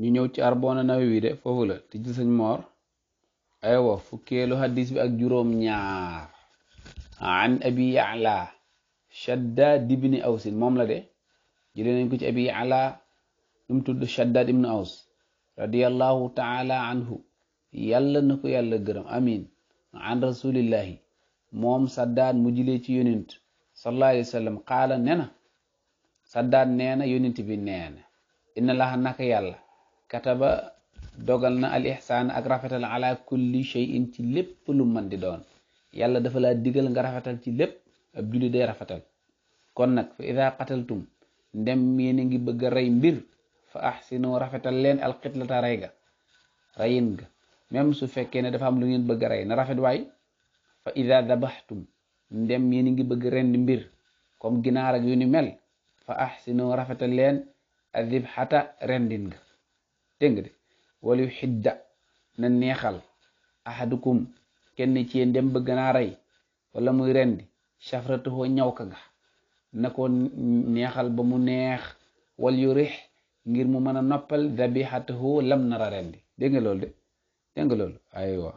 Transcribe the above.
ñu ñëw ci arbona nawawi de foofu la te ci moor aywa fukkeelu hadis bi ak juróom ñaar abi ya'la shaddad ibni awsin moom la de jëlee nañ ko ci abi ya'la nu mu tudd shaddad ibni aws radiyallahu taala anhu yàlla na ko yàlla gërëm amin an rasulillahi moom saddaad mu jëlee ci yonent sallallahu alayhi wa sallam qaala nee na saddaad nee inna laha naka yàlla kataba dogal na al ihsaan ak rafetal ala kulli shay'in ci lépp lu mën di doon yàlla dafa la digal nga rafetal ci lépp ab julli day rafetal kon nag fa ida qataltum ndem yéen ngi bëgg a rey mbir fa ahsinu rafetal leen al xitlata rey ga reyin ga su fekkee ne dafa am lu ngeen bëgg a na rafet waay fa ida dabaxtum ndem yéen ngi bëgg rend mbir comme ginaar ak yu ni mel fa ahsinu rafetal leen adibxata rendin ga dégg nga de wala yu xidda na neexal ahadukum kenn ci yén dem bëgg naa rey wala muy rendi safratuhu ñaw ka ga na ko neexal ba mu neex wal yu rix ngir mu mën a noppal dabihatahu lam nara rendi dégg nga loolu de dégg nga